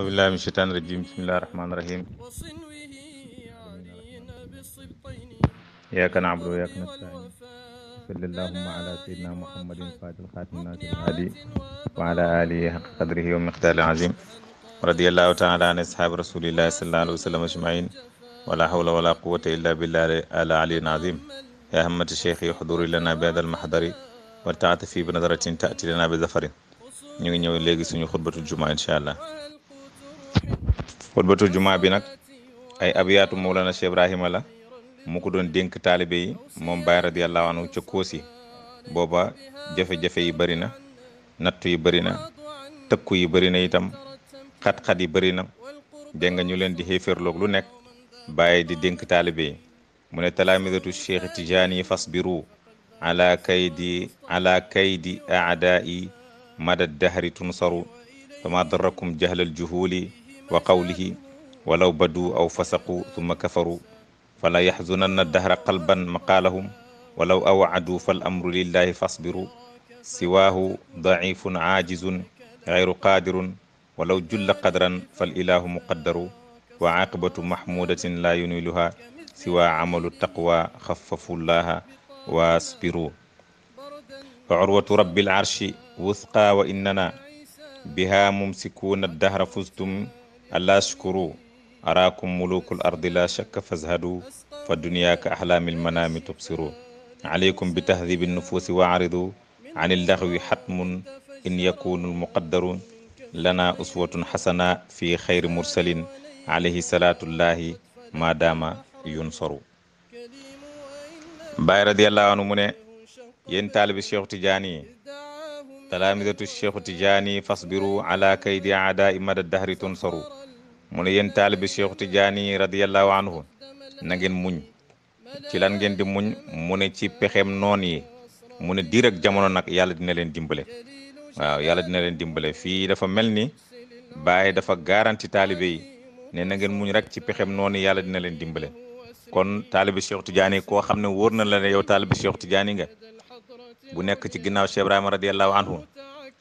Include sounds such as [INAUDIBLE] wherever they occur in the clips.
abillahi min shaitan rajim bismillahi rahmani rahim iyyaka na'budu wa iyyaka nasta'in صل اللهم على سيدنا محمد فاتح الخاتم الناصر الهادي وعلى آله حق قدره ومقداره العظيم رضي الله تعالى عن أصحاب رسول الله صلى الله عليه وسلم أجمعين ولا حول ولا قوة إلا بالله العلي العظيم يا همة الشيخ حضور لنا بهذا المحضر والتعاطفي بنظرة تأتي لنا بظفر ñu ngi ñëw léegi suñu xutbatul jumaa allah xutbatul jumaa bi nag ay abiyaatu Mawlana Cheikh Ibrahima la mu ko doon dénk taalibe yi moom Baay radiyallahu anhu ca Koosi booba jafe-jafe yi bëri na nattu yi bëri na tëkku yi bëri na itam xat yi bëri na dégg nga ñu leen di xéeféerloog lu nekk Baay di dénk taalibe yi mu ne talaamidatu Cheikh Tijaani fasbiru ala kaydi ala kaydi aadaa yi mada dahri tunsaru fama darakum jahlal juhuli wa qawlihi walaw badu aw fasaqu thumma kafaru fala yaxzunanna dahra qalban maqaalahum walaw awacadu fal amru lillahi fasbiru siwaahu daifun aajizun gayru qaadirun walaw julla qadran fal ilahu muqaddaru wa aqibatu mahmudatin la yuniluha siwa amalu taqwa xafafullaha wasbiru fa urwatu rabbil arshi wusqa wa innana biha mumsikuuna dahra fustum ala shukuru araakum mulukul ardi la shakka fazhadu fa duniya ka axlaamil manaami tubsiru alaykum bi tahdibi nufuusi wa aridu an illaxwi xatmun in yakunu lmuqaddaru lana uswatun xasana fi xayri mursalin alayhi salaatullahi maadaama yunsaru Baay radiyallahu anhu mu ne yéen taalibi Cheikh Tidiane yi talaamidatu cheikhu tijaani fasbiru ala kaydi aada imada dahri tunsaru mu ne yéen taalibi cheikhu tijaani radiallahu anhu na ngeen muñ ci lan ngeen di muñ mu ne ci pexeem noon yi mu ne diir ak jamono nag yàlla dina leen dimbale waaw yàlla dina leen dimbale fii dafa mel ni Baay dafa garanti taalibe yi ne na ngeen muñ rek ci pexeem noonu yàlla dina leen dimbale kon taalibi cheikhu tijaani koo xam ne wóor na la ne yow taalibi cheikhu tijaani nga bu nekk ci ginnaaw Cheikh Ibrahima an anhu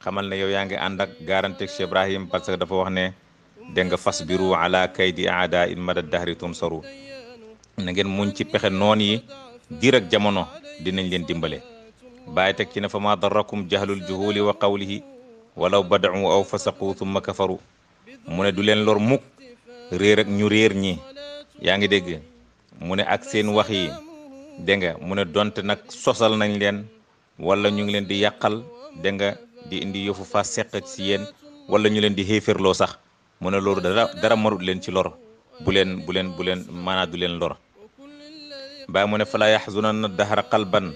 xamal na yow yaa ngi ànd ak garanti Cheikh Ibrahim parce que dafa wax ne dégg nga fas biru ala kaydi aada in mada dahri tunsaru na ngeen muñ ci pexe noon yi diir ak jamono dinañ leen dimbale bàyyi teg ci ne fa ma darrakum jahlul juhuli wa qawlihi walaw bada'u aw fasaqu thumma kafaru mu ne du leen lor mukk réer ak ñu réer ñi yaa ngi dégg mu ne ak seen wax yi dégg nga mu ne donte nag sosal nañ leen wala ñu ngi leen di yàqal da nga di indi yëfu fas seq ci yéen wala ñu leen di xéeférloo sax mu ne loolu dara dara marut leen ci loro bu leen bu leen bu leen maanaa du leen lor baa mu ne falaa yaxzunanna dahra qalban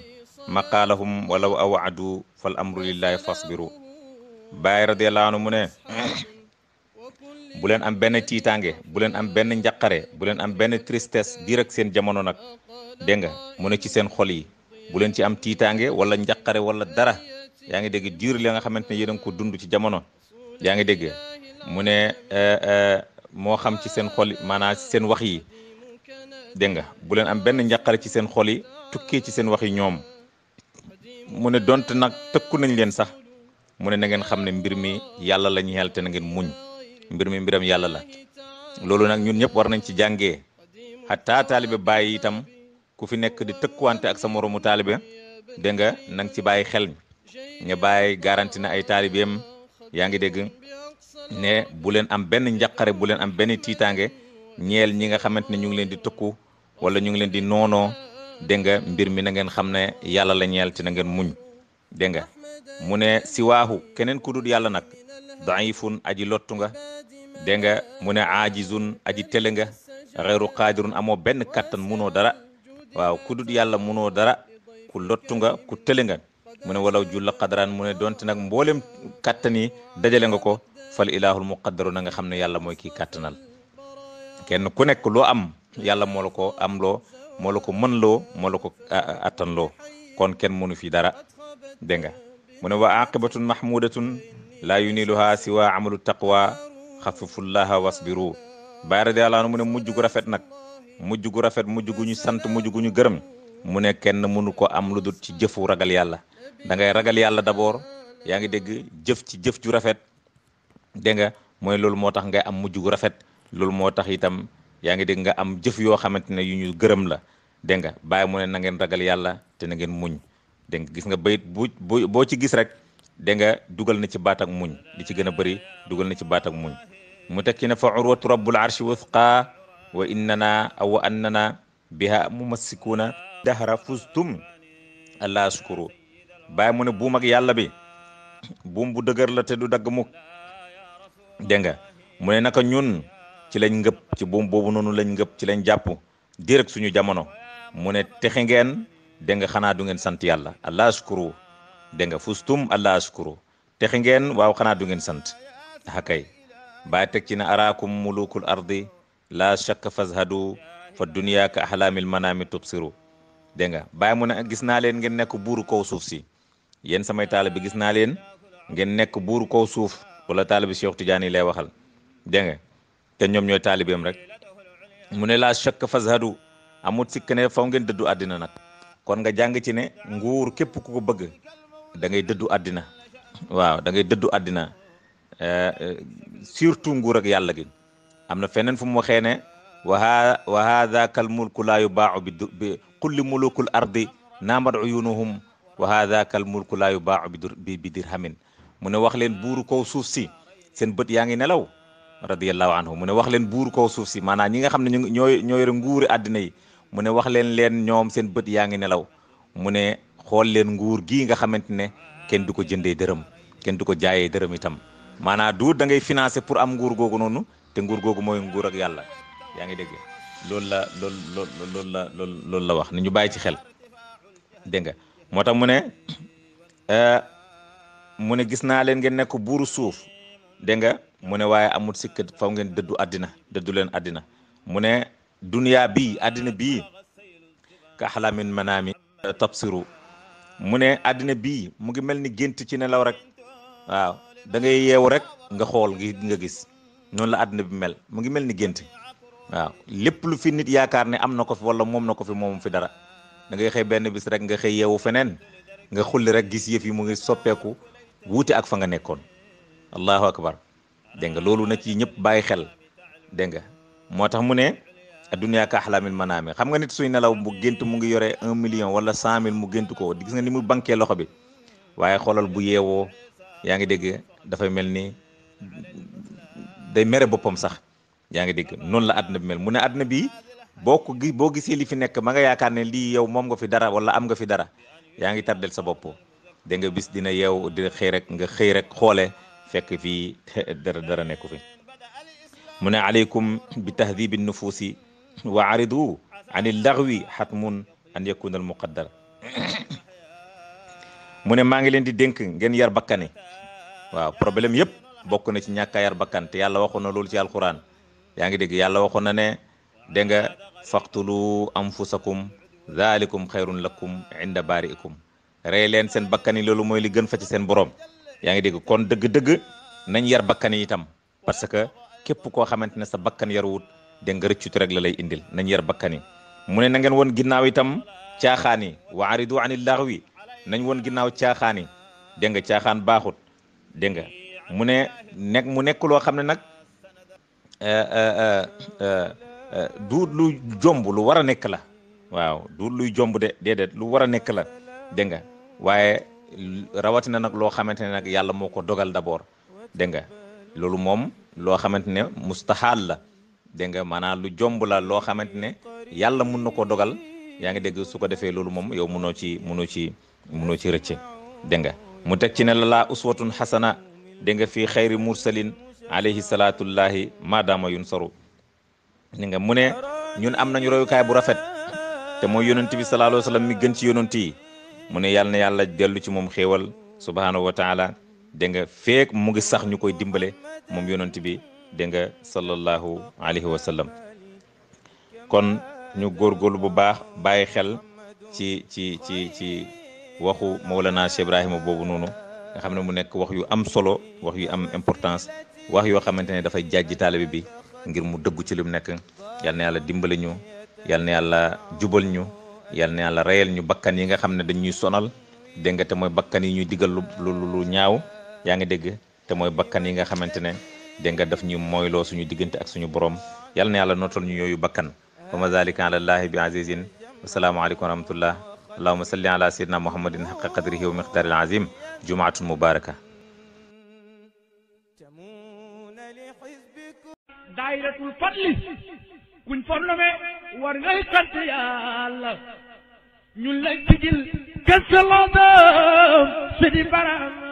maqaalahum walaw awaadu fal amru lillahi fasbiru baay radiyallahu anhu mu ne bu leen am benn tiitaange bu leen am benn njaqare bu leen am benn tristesse diir ak seen jamono nag dégg nga mu ne ci seen xol yi bu leen ci am tiitaange wala njaqare wala dara yaa ngi dégg diir li nga xamante ne yéen a ngi ko dund ci jamono yaa ngi dégg mu ne eh, eh, moo xam ci seen xol maanaam seen wax yi dégg nga bu leen am benn njaqare ci seen xol yi tukkee ci seen wax yi ñoom mu ne donte nag tëkku nañ leen sax mu ne na ngeen xam ne mbir mi yàlla la ñeel te na ngeen muñ mbir mi mbiram yàlla la loolu nag ñun ñëpp war nañ ci jàngee xataa taalibe ku fi nekk di tëkkuwante ak sa moromu taalibe dégg nga na ci bàyyi xel nga bàyyi garanti na ay taalibeem yaa ngi dégg ne bu leen am benn njaqare bu leen am benn tiitaange ñeel ñi nga xamante ne ñu ngi leen di tëkku wala ñu ngi leen di noonoo dégg nga mbir mi na ngeen xam ne yàlla la ñeel te na ngeen muñ dégg nga mu ne si keneen ku dul yàlla nag daifun aji lottu nga dégg nga mu ne aajizun aji tele nga xeeru qaadirun amoo benn kattan munoo dara waaw ku dut yàlla munoo dara ku lottu nga ku tële nga mu ne walaw julla qadaraan mu ne donte nag mboolem kàttan yi dajale nga ko fal ilaahul muqaddaru na nga xam ne yàlla mooy kii kàttanal kenn ku nekk loo am yàlla moo la am loo moo la ko mën loo ko attan loo kon kenn mënu fi dara dégg nga mu ne wa aqibatun mahmudatun laa yuniluha siwa amalu taqwa xafifullaha wasbiru baay radiallahu anhu mu ne mujj gu rafet nag mujj gu rafet mujj gu ñu sant mujj gu ñu gërëm mu ne kenn munu ko am lu dul ci jëfu ragal yàlla dangay ragal yàlla d'abord yaa ngi dégg jëf ci jëf ju rafet dégg nga mooy loolu moo tax ngay am mujj gu rafet loolu moo tax itam yaa ngi dégg nga am jëf yoo xamante ne yu ñu gërëm la dégg nga bàyyi mu ne nangeen ragal yàlla te na ngeen muñ dégg gis nga bayit bu boo ci gis rek dégg nga dugal na ci baat muñ li ci gën a bëri dugal na ci baat muñ mu teg ci ne fa urwatu wa na aw wa annana biha mumassikuna dahra fustum allah askuru bàyyi mu ne buum ak yàlla bi buum bu dëgër la te du dagg mukk dégg nga mu ne naka ñun ci lañ ngëpp ci buum boobu noonu lañ ngëpp ci lañ jàpp direk suñu jamono mu ne texe ngeen denga xanaa du ngeen sant yàlla allah askuru dégg nga fustum allah askuru texe ngeen waaw xanaa du ngeen sant akay bàyyi teg ci ne araakum mulukul ardi la laa shakka fazhadu fa dunya ka ahlaamil manaami tubsiru dégg nga bàyyi mu ne gis naa leen ngeen nekk buuru kaw suuf si yéen samay taalibe gis naa leen ngeen nekk buuru kaw suuf wala taalibe Cheikh Tidiane yi lay waxal dégg nga te ñoom ñooy taalibeem rek mu ne laa shakka fazhadu amut sikk ne faw ngeen dëddu àddina nag kon nga jàng ci ne nguur képp ku ko bëgg da ngay dëddu àddina waaw da ngay dëddu àddina euh, euh, surtout nguur ak yàlla gi am na feneen fu mu waxee ne waha wa hadaka al mulku laa yubaau bi kulli mulukul ardi naamat uyunuhum wa hadaka al mulku laa yubaau bi bi dirhamin mu ne wax leen buuru kow suuf si seen bët yaa ngi nelaw radiallahu anhu mu ne wax leen buuru ko suuf si maanaam ñi nga xam ne ñu ñooy ñoo yore nguuri àddina yi mu ne wax leen leen ñoom seen bët yaa ngi nelaw mu ne xool leen nguur gii nga xamante ne kenn du ko jëndee dërëm kenn du ko jaayee dërëm itam maanaam du da ngay am nguur googu noonu te nguur googu mooy nguur ak yàlla yaa ngi dégg loolu la loolu la wax ni ñu bàyyi ci xel dégg nga moo tax mu ne [COUGHS] euh, mu ne gis naa leen ngeen nekk buuru suuf dégg nga mu ne waaye amul sikk faw ngeen dëddu àddina dëddu leen àddina mu ne duniyaa bii àddina bii ka xalaamin manaami tabsiru mu ne àddina bi mu ngi mel ni gént ci nelaw rek waaw da ngay rek nga xool ngi nga gis noonu la àddina bi mel mu ngi mel ni gént waaw lépp lu fi nit yaakaar ne am na ko fi wala moom na ko fi moom fi dara da ngay benn bis rek nga xëy yeewu feneen nga xulli rek gis yëf yi mu ngi soppeeku wuute ak fa nga nekkoon allahu akbar dégg nga loolu na ci ñëpp bàyyi xel dégg nga moo tax mu ne adduniyaa ka axlaamil manaami xam nga nit suy nelaw mu gént mu ngi yore un million wala cent mille mu gént ko digis nga ni mu banquee loxo bi waaye xoolal bu yeewoo yaa ngi dégg dafay mel ni day mere boppam sax yaa ngi dégg noonu la àdduna bi mel mu ne àdduna bi boo ko boo gisee li fi nekk ma nga yaakaar ne lii yow moom nga fi dara wala am nga fi dara yaa ngi tardel sa bopp da nga bis dina yeew dina xëy rek nga xëy rek xoole fekk fii [LAUGHS] dara dara nekku fi mu ne aleykum bi tahdibi nufuusi wa aridu an illaghwi xatmun an yakuna al muqaddar [COUGHS] mu ne maa ngi leen di dénk ngeen yar bakkane waaw problème yépp bokk na ci ñàkk a yar bakkan te yàlla waxoon na loolu ci alquran yaa ngi dégg yàlla waxoon na ne dégg nga faqtulu anfusakum zaalikum xayrun lakum inda baariikum rey leen seen bakkan yi loolu mooy li gën fa ci seen borom yaa ngi dégg kon dëgg-dëgg nañ yar bakkani yi itam parce que képp koo xamante ne sa bakkan yaruwut dégg nga rëccut rek la lay indil nañ yar bakkan yi mu ne na ngeen woon ginnaaw itam caaxaan yi wa aridu anil laxwi nañ woon ginnaaw caaxaan yi dégg nga caaxaan baaxut dégg nga mu ne nekk mu nekk loo xam ne nag euh, euh, euh, duut lu jomb lu war a nekk la waaw duut luy jomb de déedéet lu war a nekk la dégg nga waaye rawatina nag loo xamante ne nag yàlla moo ko dogal d'abord dégg nga loolu moom loo xamante ne mustahaal la dégg nga maanaam lu jomb la loo xamante ne yàlla mun na ko dogal yaa ngi dégg su ko defee loolu moom yow munoo ci munoo ci munoo ci rëcce dégg nga mu teg ci ne la dégg nga fii xayri mursalin alayhi salaatullahi maadaama yun saru ni nga mu ne ñun am nañu royukaay bu rafet te mooy yonent bi sallallahu alayhi mi gën ci yonent yi mu ne yàlla na yàlla dellu ci moom xéewal subhaanahu wa taala dégg nga feek mu ngi sax ñu koy dimbale moom yonent bi dégg nga sallallahu alayhi wa sallam kon ñu góorgóorlu bu baax bàyyi xel ci ci ci ci waxu Mawlana Cheikh Ibrahima boobu noonu nga xam ne mu nekk wax yu am solo wax yu am importance wax yoo xamante ne dafay jàjji bi ngir mu dëggu ci li mu nekk yal na yàlla dimbali ñu yal na yàlla jubal ñu yal na yàlla reyal ñu bakkan yi nga xam ne dañuy sonal dégg te mooy bakkan yi ñuy digal lu lu ñaaw yaa ngi dégg te mooy bakkan yi nga xamante ne dégg nga daf ñu mooyloo suñu diggante ak suñu borom yal na yàlla nootal ñu yooyu bakkan wa ma zalika ala bi azizin wasalaamaaleykum wa rahmatullah allahuma salli ala sayyidina muhammadin haqqa qadrihi wa miqdaril azim jumaatun mubaraka daayiratul fadli kuñ formé war ngay sant yàlla ñun la sigil ke salaam sidi baram